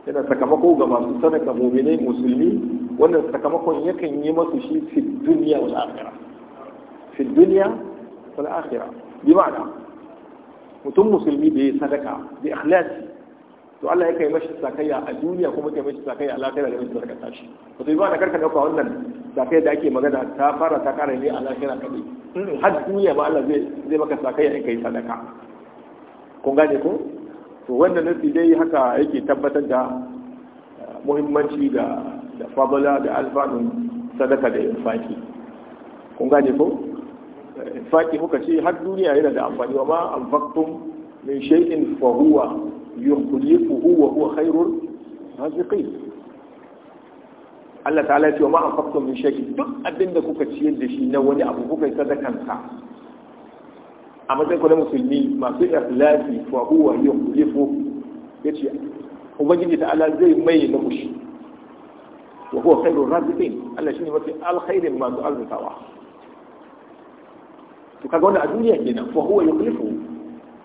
yana sakamako ga masu sadaka mu'minai musulmi wannan sakamakon yakan yi masu shi fi duniya wal akhirah fi duniya wal akhirah bi ma'ana mutum musulmi da ya sadaka bi ikhlasi to Allah ya kai mashi sakayya a duniya kuma kai mashi sakayya a lahira da mashi barka shi. to sai ba da karka dauka wannan sakayya da ake magana ta fara ta kare ne a lahira kadai in har duniya ba Allah zai zai maka sakayya in kai sadaka kun gane ko to wannan nasi dai haka yake tabbatar da eh, muhimmanci da da fabula da alfanun sadaka da infaki kun gane ko eh, infaki muka ce har duniya yana da amfani wa ma anfaqtum min shay'in fa huwa yuhlikuhu wa huwa khairur raziqin Allah ta'ala ce wa ma anfaqtum min shay'in duk abin da kuka ciyar da shi na wani abu kuka yi da sa a matsayin ku na musulmi masu ikhlasi fa huwa yuhlifu yace ubangiji Allah zai mai muku shi wa huwa khairur raziqin Allah shine mafi alkhairin masu arzikawa to kaga wannan a duniya kenan fa huwa yuhlifu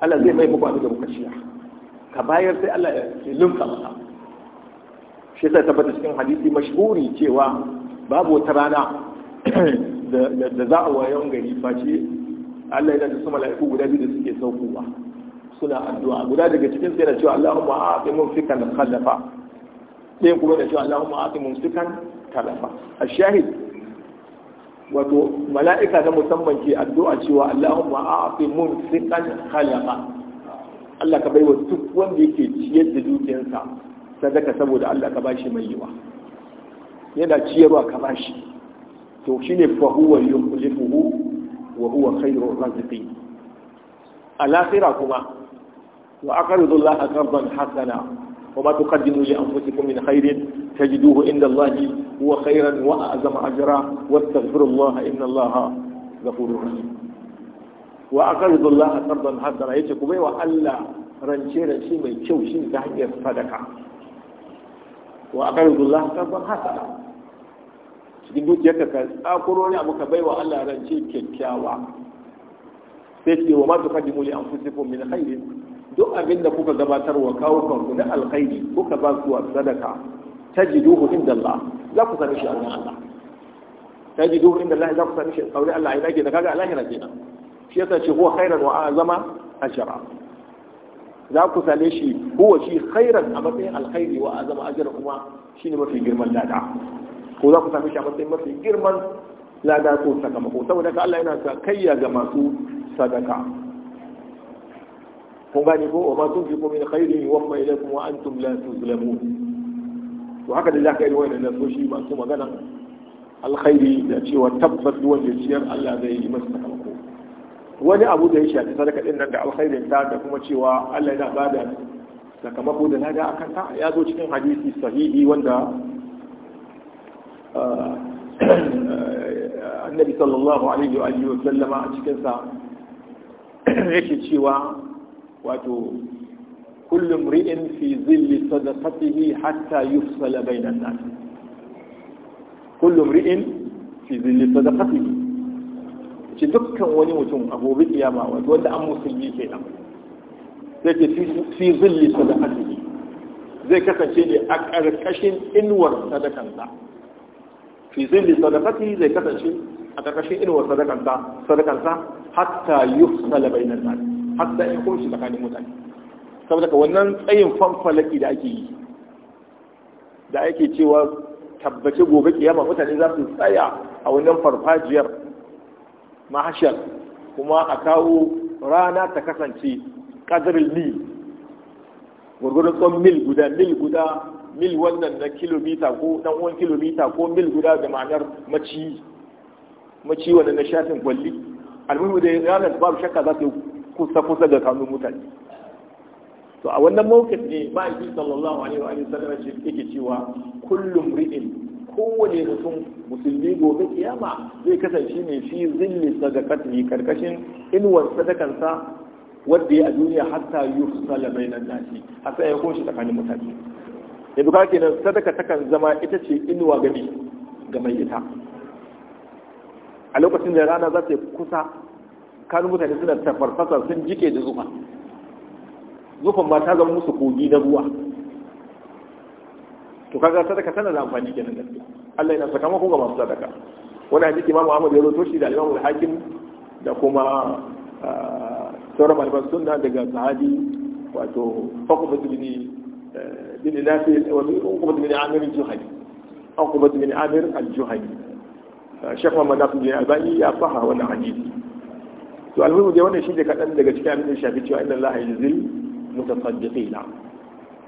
Allah zai mai muku abin da kuka ciyar ka bayar sai Allah ya lunka masa shi sai tabbata cikin hadisi mashhuri cewa babu wata rana da za a wayon gari face Allah yana da su mala'iku guda biyu da suke saukowa suna addu'a guda daga cikin sai da cewa Allahumma a'ti fikan khalafa ɗayan kuma da cewa Allahumma a'ti mumsikan talafa ash-shahid wato mala'ika na musamman ke addu'a cewa Allahumma a'ti fikan khalafa Allah ka baiwa duk wanda yake ciyar da dukiyarsa sadaka saboda Allah ka bashi mai yiwa yana ciyarwa ka bashi to shine fa huwa yukhlifuhu wa huwa khayrur raziqin al-akhirah kuma wa aqridu Allah qardan hasana hairi تقدموا لأنفسكم من خير تجدوه عند الله هو خيرا وأعظم أجرا واستغفروا الله إن الله غفور رحيم wa aqridu Allah qardan hasana yace ku baiwa Allah rance rance mai kyau shi ta hanyar sadaka wa aqridu Allah qardan hasana cikin dukiyarka ka tsakuro ne abu ka baiwa Allah rance kyakkyawa sai ce wa ma tuqaddimu li anfusikum min khairin duk abin da kuka gabatar wa kawo kanku na alkhairi kuka ba su sadaka tajiduhu inda Allah za ku sami shi a wurin Allah tajiduhu inda Allah za ku sami shi a wurin Allah ina ke da kaga Allah kenan shi yasa ce huwa khairan wa azama ajra za ku same shi huwa shi khairan a matsayin alkhairi wa azama ajra kuma shine mafi girman lada ko za ku same shi a matsayin mafi girman lada ko sakamako saboda ka Allah yana sakayya ga masu sadaka kun gane ko wa ma tunfiqu min khairin yuwaffa ilaykum wa antum la tuzlamun to haka da za zaka yi wannan shi masu magana alkhairi da cewa tabbas da ciyar Allah zai yi masa sakamako wani abu da ya shafi sadaka din nan da alkhairin ta da kuma cewa Allah yana bada sakamako da lada akan ta ya zo cikin hadisi sahihi wanda annabi sallallahu alaihi wa alihi wa sallama a cikin sa yake cewa wato kullu mri'in fi zilli sadaqatihi hatta yufsala bainan nas kullu mri'in fi zilli sadaqatihi ce dukkan wani mutum a gobe kiyama wanda an musulmi nan zai ce fi zilli sadaqatihi zai kasance ne a karkashin inuwar sadakansa fi zilli sadaqatihi zai kasance a karkashin inuwar sadakansa sadakansa hatta yufsala bainan nas hatta in shi tsakanin mutane saboda ka wannan tsayin fanfalaki da ake yi da ake cewa tabbace gobe kiyama mutane za su tsaya a wannan farfajiyar mahashar kuma a kawo rana ta kasance kadar mil gwargwadon tsawon mil guda mil guda mil wannan na kilomita ko dan uwan kilomita ko mil guda da ma'anar maci maci na shafin kwalli almuhimu da ranar babu shakka za su kusa kusa da kanun mutane to a wannan mawkin ne ma'aikin sallallahu alaihi wa sallam yake cewa kullum ri'in kowane mutum musulmi gobe kiyama zai kasance ne fi zilli ne karkashin inuwar sadakansa wadda ya a duniya hatta yufsala bainan nasi tsaye ya shi tsakanin mutane ya duka kenan sadaka takan zama ita ce inuwa gani ga mai ita a lokacin da rana za ta kusa kan mutane suna tafarfasa sun jike da zufa zufan ma ta zama musu kogi na ruwa to kaga sadaka tana da amfani kenan gaskiya Allah yana sakamako ga masu sadaka wani hadisi Imam Ahmad ya rawaito shi da Imam Al-Hakim da kuma ah, sauran malaman sunna daga sahabi wato Faqbat bin eh, bin Nafi wa Uqbat bin Amir al-Juhani Uqbat bin Amir al-Juhani ah, Sheikh Muhammad Nasir bin Albani ya faha wannan hadisi to almuhimu dai wannan shi ne kaɗan daga cikin abin da shafi cewa inna Allah yajzil mutasaddiqina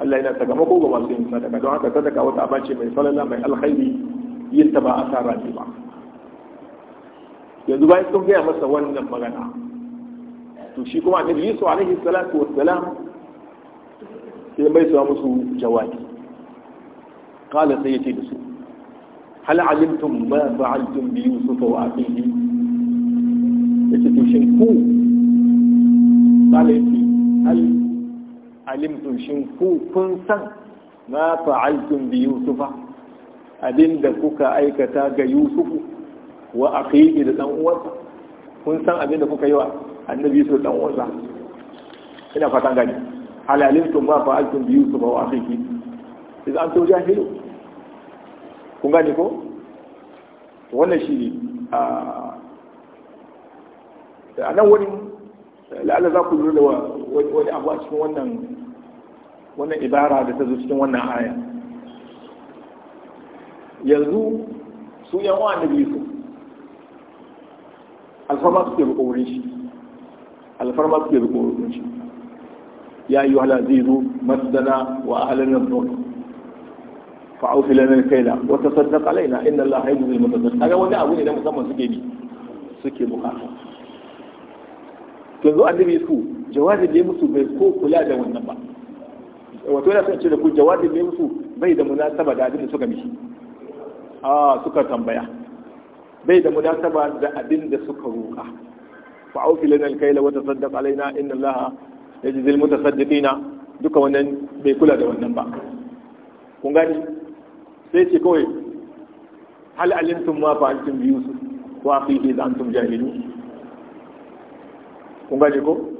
Allah yana sakamako ga masu yin sadaka don haka sadaka wata abace mai falala mai alkhairi yin ta ba asara ne ba yanzu bayan sun gaya masa wannan magana to shi kuma annabi Yusuf alaihi salatu wassalam sai bai sa musu jawabi qala sai yace da su hal alimtum ma fa'altum bi yusuf wa akhihi yace to shin ku qala yace alimtum shin ku kun san ma fa'altum bi yusufa abinda kuka aikata ga yusufu wa aqihi da dan uwansa kun san abinda kuka yi wa annabi yusuf dan uwansa ina fatan gani alalimtum ma fa'altum bi yusufa wa aqihi idan antum jahilu kun gani ko wannan shi a nan wani la'alla za ku lura da wani abu a cikin wannan wannan ibara da ta zo cikin wannan aya yanzu su yan wa annabi biyu alfarma ke rukunin shi alfarma ke rukunin shi ya yi wahala zai zo masdana wa ahalin nan zuwa fa'aufi lanar kaila wata saddaka alaina inda Allah haidu zai matattun kaga wani abu ne na musamman suke bi suke bukata yanzu annabi su jawabin da ya musu bai ko kula da wannan ba wato yana son ce da ku jawabin da ya musu bai da munasaba da abin da suka mishi a suka tambaya bai da munasaba da abin da suka roƙa fa aufi lana alkayla wa tasaddaq alaina inna allaha yajzi almutasaddiqina duka wannan bai kula da wannan ba kun gani sai ce kawai hal alimtum ma fa'altum bi yusuf wa akhihi antum jahilun kun gane ko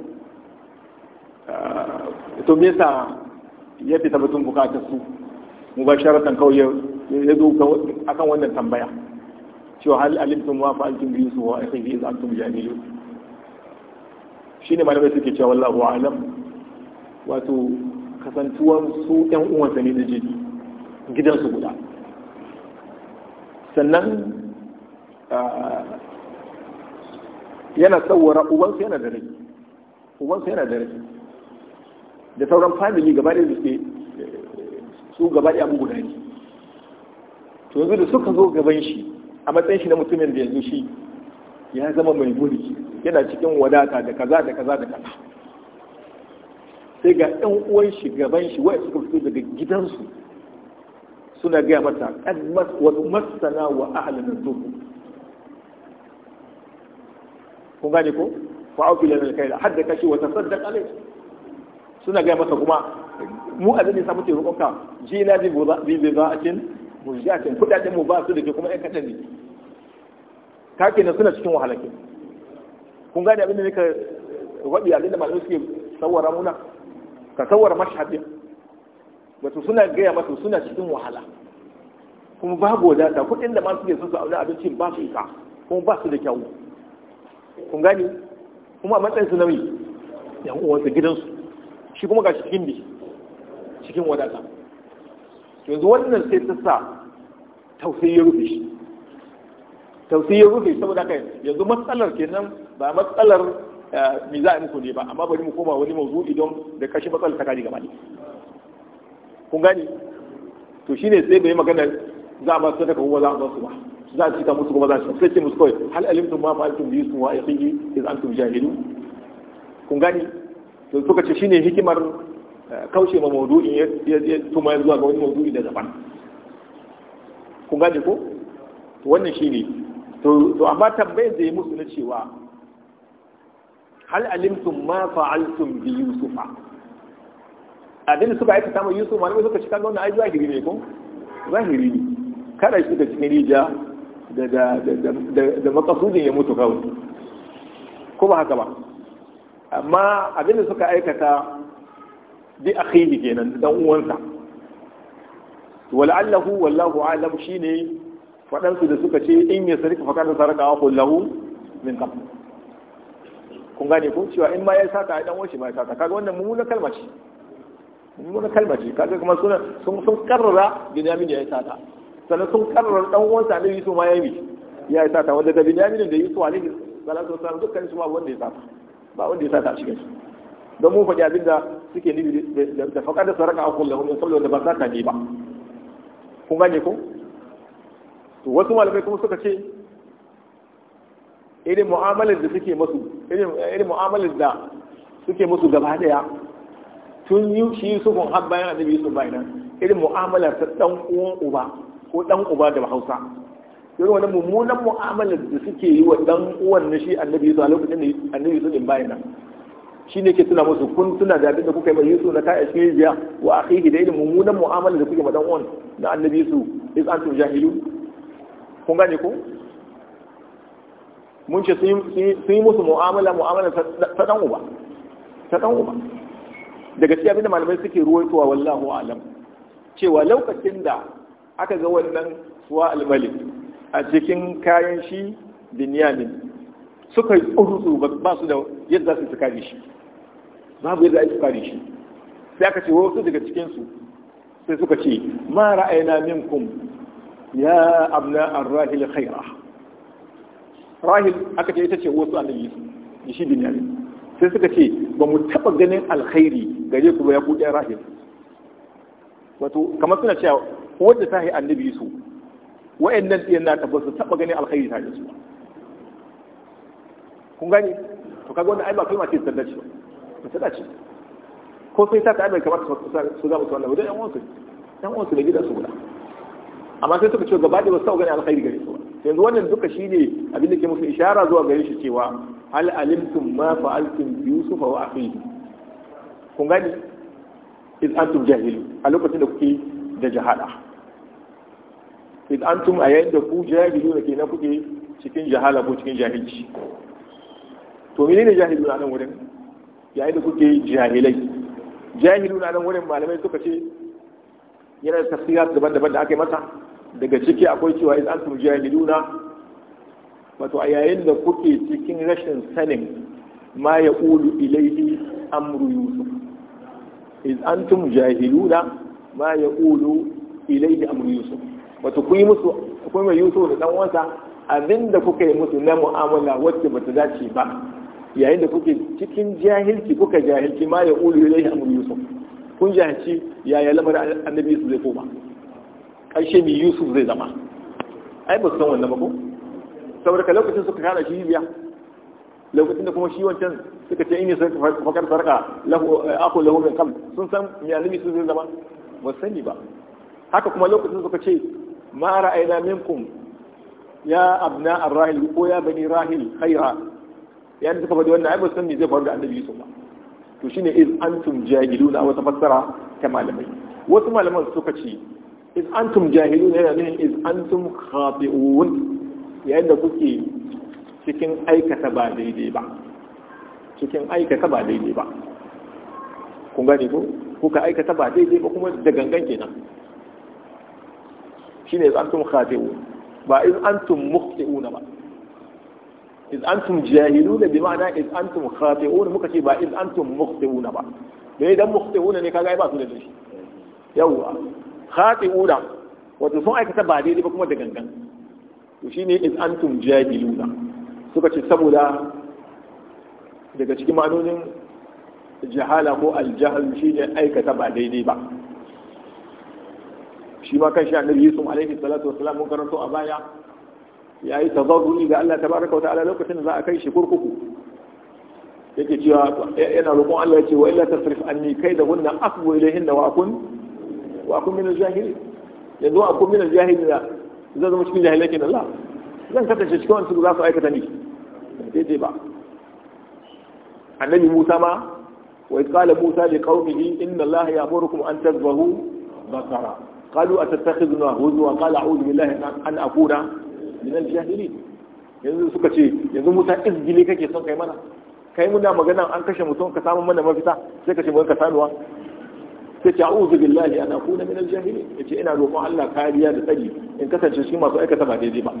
to me yasa ya fita batun bukatar su mu sharatan kawai ya zo akan wannan tambaya cewa hal alimtum wa fa'altum bi su wa akhihi iz antum jahilu shine malamai suke cewa wallahu a'lam wato kasantuwan su ɗan uwan Sani da jini gidansu guda sannan yana tsawara ubansu yana da rai ubansu yana da rai da sauran family gaba da suke su gaba da abu guda ne to yanzu da suka zo gaban shi a matsayin shi na mutumin da yanzu shi ya zama mai mulki yana cikin wadata da kaza da kaza da kaza sai ga ɗan uwan shi gaban shi wai suka fito daga gidansu suna gaya mata wasu masana wa ahalin dhubu kun gane ko fa aufila lil kayla hadda kashi wata sadda kalai suna gaya masa kuma mu a zane samu ke roƙonka ji na ji bai za a cin murjatin kudaden mu ba su da ke kuma yan kaɗan ne ka ke suna cikin wahalakin kun gane abin da ne ka waɗi a da malamai suke sawara muna ka sawara mashahadin wato suna gaya masa suna cikin wahala kuma babu wadata kuɗin da masu suke sunsu su auna abincin ba su isa kuma ba su da kyau kun gane kuma a matsayin su nauyi yan uwansu gidansu shi kuma shi cikin bi cikin wadata yanzu wannan sai ta sa tausayi ya rufe shi tausayi ya rufe saboda kai yanzu matsalar kenan ba matsalar eh, me za a muku ne ba amma bari mu koma wani mazu idan da kashi matsalar ta kaji gaba ne kun gani to shine sai da yi magana za a ba su daga kuma za a ba su ba za a cika musu kuma za a cika sai musu kawai hal alimtum ma sun bi yusuf wa yi iz antum jahilu kun gani to suka ce shine hikimar eh, kaushe ma maudu'in ya tuma ya zuwa ga wani maudu'i da zaban kun gane ko wannan shine to amma tambayar da ya musu na cewa hal alimtum ma fa'altum bi yusufa abin da suka ta ma yusuf malamai suka shiga kallon na ai zahiri ne ko zahiri ne kada shi da cikin rija da da da da makasudin ya mutu kawai ko ba haka ba amma abinda suka aikata bi akhihi kenan dan uwansa wal'allahu wallahu alam shine faɗansu da suka ce in ya sarki fakar sarka wa kullahu min qabl kun gane ko cewa in ma ya saka ai dan washi ma ya saka kaga wannan mummuna kalma ce mummuna kalma ce kaga kuma suna sun sun karrara Binyamin ya saka sannan sun karrara dan uwansa ne Yusuf ma ya yi ya saka wanda da Binyamin da Yusuf alaihi salatu wasallam dukkan su ma wanda ya saka ba wanda ya sata a cikin su don mun faɗi abin da suke nufi da faƙar da saraka a kullum in saboda ba sata ne ba kun gane ko to wasu malamai kuma suka ce irin mu'amalar da suke masu irin mu'amalar da suke musu gaba daya tun yi shi kun har bayan annabi yusuf bayan irin mu'amalar ta dan uwan uba ko dan uba da hausa irin wani mummunan mu'amalar da suke yi wa dan uwan na shi annabi yusuf a lokacin da annabi yusuf din bayan nan shi ne ke tuna musu kun tuna da abin da kuka yi mai yusuf na ta a cikin rijiya wa akhihi da irin mummunan mu'amalar da suke ma dan uwan na annabi yusuf is antum jahilu kun gane ko mun ce sun yi musu mu'amala mu'amala ta dan uba ta dan uba daga cikin abin da malamai suke ruwaitowa wallahu alam cewa lokacin da aka ga wannan suwa almalik a cikin kayan shi binyamin suka yi tsuru ba su da yadda su su kare shi babu yadda su kare shi sai aka ce wasu daga cikinsu sai suka ce ma ra'ayina minkum ya abna arrahil khaira rahil aka ce ita ce wasu annabi su shi binyamin sai suka ce ba mu taba ganin alkhairi gare ku ba ya buɗe rahil wato kamar suna cewa wadda ta yi annabi su wa'annan ɗiyan na tabbas su taɓa ganin alkhairi tare da su kun gani to kaga wannan ai ba ma ce sanda ce ba ta dace ko sai ta ta ai su su zama su wannan wajen yan wasu yan wasu da gida su guda amma sai suka ce gaba da ba su taɓa ganin alkhairi gare su yanzu wannan duka shine abin da ke musu ishara zuwa gare shi cewa hal alimtum ma fa'altum bi yusuf wa akhihi kun gani iz antum jahilun a lokacin da kuke da jahada in antum a yayin da ku jahilu da na kuke cikin jahala ko cikin jahilci to ne jahilu na nan wurin yayin da kuke jahilai jahilu na nan wurin malamai suka ce yana da tafsira daban-daban da aka yi masa daga ciki akwai cewa in antum jahiluna wato a yayin da kuke cikin rashin sanin ma ya ulu ilaihi amru yusuf iz antum jahiluna ma ya ulu ilaihi amru yusuf wato ku yi musu ku mai yusuf da dan abin da kuka yi musu na mu'amala wacce ba ta dace ba yayin da kuke cikin jahilci kuka jahilci ma ya ulu yi amur yusuf kun jahilci yaya lamar annabi yusuf zai koma ƙarshe mai yusuf zai zama ai ba su san wannan ba ko saboda ka lokacin suka kada shi biya lokacin da kuma shi wancan suka ce in sun fakar sarka lahu aku lahu min qabl sun san me annabi su zai zama ba sani ba haka kuma lokacin suka ce ma ra'ayna minkum ya abna ar-rahil ko ya bani rahil khaira ya da suka faɗi wannan ai ba san me zai faru da annabi Yusuf ba to shine iz antum jahiluna wata fassara ta malamai wasu malaman suka ce iz antum jahiluna yana nufin iz antum khati'un yayin da kuke cikin aikata ba daidai ba cikin aikata ba daidai ba kun gane ko kuka aikata ba daidai ba kuma da gangan kenan shine iz antum khati'un ba iz antum muqti'una ba iz antum jahiluna bi ma'ana iz antum khati'un muka ce ba iz antum muqti'una ba da dan muqti'una ne kaga ai ba su da shi yawa khati'una wato sun aikata ba daidai ba kuma da gangan to shine iz antum jahiluna suka ce saboda daga cikin ma'anonin jahala ko aljahal shine aikata ba daidai ba shi ma kan shi annabi yusuf alaihi salatu wassalam mun karanto a baya ya yayi tazarruni ga Allah tabaraka wa ta'ala lokacin da za a kai shi kurkuku yake cewa yana roƙon Allah ya ce wa illa tasrif anni kaidahunna asbu ilayhinna wa akun wa akun min al-jahil yanzu wa akun min al-jahil da zan zama cikin jahilai kenan la zan kasance cikin wani su za su aikata ni daidai ba annabi Musa ma wa qala Musa li qaumihi inna Allah ya'murukum an tazbahu bakara qalu atattakhiduna huzwa qala a'udhu billahi an akuna min al-jahilin yanzu suka ce yanzu Musa izgili kake son kai mana kai muna magana an kashe mutum ka samu mana mafita sai ka ce mun ka sanuwa sai ce a'udhu billahi an akuna min al-jahilin yace ina roƙon Allah kariya da tsari in kasance shi masu aikata ba daidai ba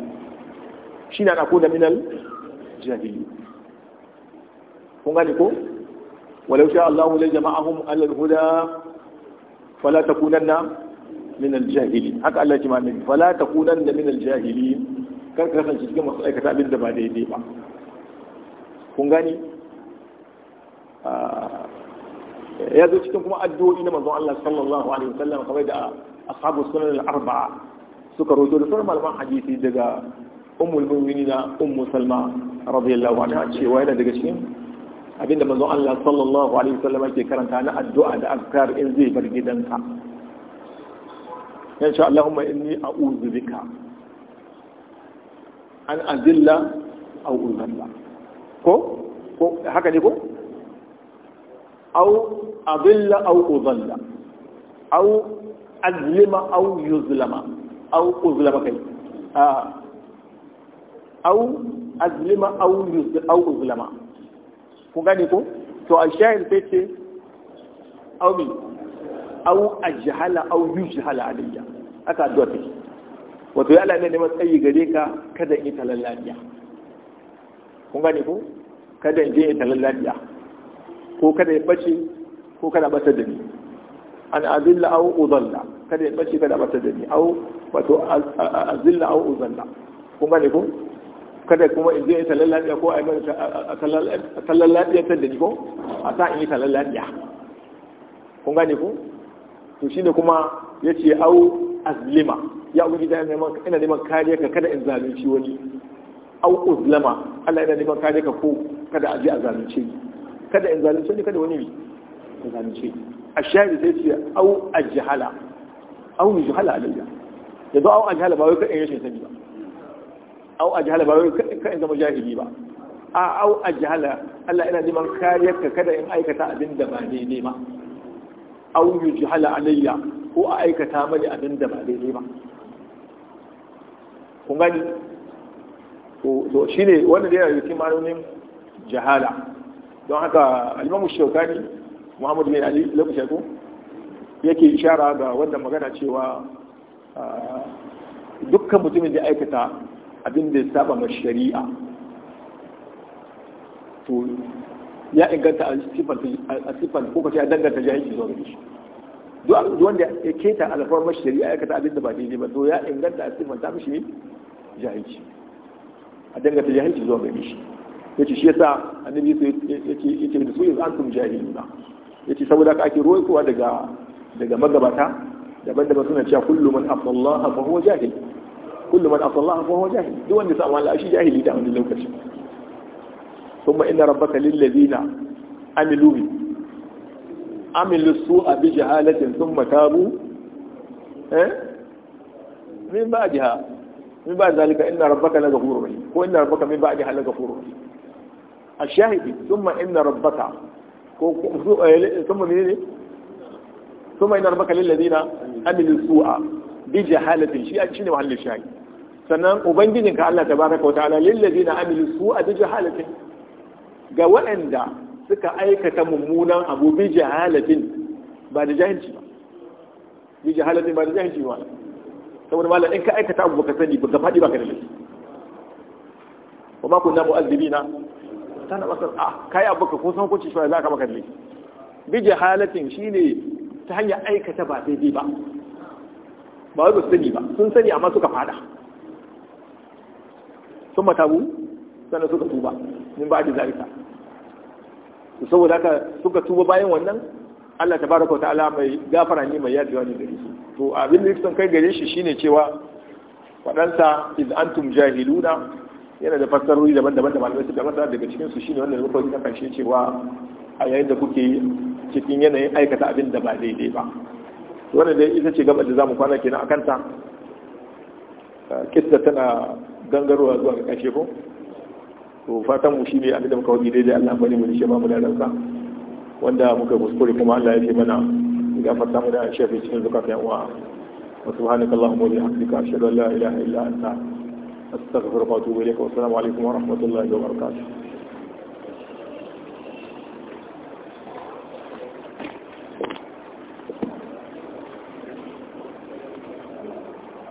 shi na akuna min al-jahilin kun gane ko walau sha Allah la jama'ahum ala al-huda fala takunanna min al-jahili haka Allah ya ce annabi fala takunan da min al-jahili kar ka kasance cikin masu aikata abin da ba daidai ba kun gani ah, ya zo cikin kuma addu'o'i na manzon Allah sallallahu alaihi wasallam kamar da ashabu sunan al-arba'a suka roto da sauran malaman hadisi daga ummul mu'minina ummu salma radiyallahu anha cewa yana daga cikin abinda manzon Allah sallallahu alaihi wasallam ke karanta na addu'a da azkar in zai bar gidanka ya ce Allahumma inni a uzurika an azilla a uzalla ko ko haka ne ko a azilla a uzalla a azlima aw yuzlama aw uzlama kai a ah. aw azlima a yuzlama aw uzlama ku ko to a shayar sai ce aw bi au ajhala au yujhala alayya aka addu'a take wato ya Allah ne neman tsayi gare ka kada in talan lafiya kun gane ko kada in je in talan lafiya ko kada ya bace ko kada bata da ni an azilla au udalla kada ya bace kada bata da ni au wato azilla au udalla kun gane ko kada kuma in je in talan lafiya ko a yi talan lafiya ta da ni ko a sa in yi talan lafiya kun gane ko to shine kuma ya ce au azlima ya ubangiji ina neman ina neman kariya ka kada in zalunci wani au uzlama Allah ina neman kariya ka ko kada a je a zalunce ni kada in zalunce ni kada wani ya zalunce ni ashari sai ce au ajhala au yujhala alayya yanzu au ajhala ba wai kada in rashin sani ba au ajhala ba wai kada in zama jahili ba a au ajhala Allah ina neman kariya ka kada in aikata abin da ba daidai ba au jihala alayya ko a aikata mani abin da ba daidai ba kun gani to ne wanda da yana cikin ma'anonin jihala. don haka alimamu shaukani muhammadu bin ali lokaci ko yake ishara ga wanda magana cewa dukkan mutumin da aikata abin da ya saba ma shari'a ya inganta a siffar ko kace a danganta jahilci zuwa gare shi duk wanda ya keta alfarmar shari'a ya kata abin da ba daidai ba to ya inganta a siffar ta mishi jahilci a danganta jahilci zuwa gare shi ce shi yasa annabi ya ce da su yanzu an ba. Ya ce saboda ka ake roƙowa daga daga magabata daban-daban suna cewa kullum man afallaha fa huwa jahil kullum man afallaha fa huwa jahil duk wanda sa Allah shi jahili da wani lokaci ثم إن ربك للذين عملوا عملوا السوء بجهالة ثم تابوا إيه؟ من بعدها من بعد ذلك إن ربك لغفور رحيم وإن ربك من بعدها لغفور رحيم الشاهد ثم إن ربك ثم من ثم إن ربك للذين عملوا السوء بجهالة شيء شنو محل الشاهد سنن ubangijinka Allah tabaraka wa ta'ala lillazina amilu su'a ga waɗanda suka aikata mummunan abu bi jahalatin ba da jahilci ba bi jahalatin ba da jahilci ba saboda malam in ka aikata abu baka sani ba faɗi baka da laifi Ba ma kunna mu'azzibina na? masar a ah, kai abu ka kun san kunci shi za ka maka da laifi bi jahalatin shine ta hanyar aikata ba daidai ba ba wai ba su sani ba sun sani amma suka fada sun matabu sannan suka tuba min ba'di zalika saboda haka suka tuba bayan wannan Allah tabaraka wa ta'ala mai gafara ne mai yarda ne gare su to abin da yake kai gare shi shine cewa wadansa iz antum jahiluna yana da fassarori daban-daban da malamai suka masa daga cikin su shine wannan rubutu na karshe cewa a yayin da kuke cikin yanayin aikata abin da ba daidai ba wannan dai ita ce gabar da zamu kwana kenan akan ta kissa tana gangarowa zuwa ga kashe ko to fatan mu shine abin da muka wadi daidai Allah bane mu shi ba mu da ranka wanda muka kuskure kuma Allah ya ce mana ya fata mu da shafi cikin zakafin wa وسبحانك اللهم وبحمدك أشهد أن لا إله إلا أنت أستغفرك وأتوب إليك والسلام عليكم ورحمة الله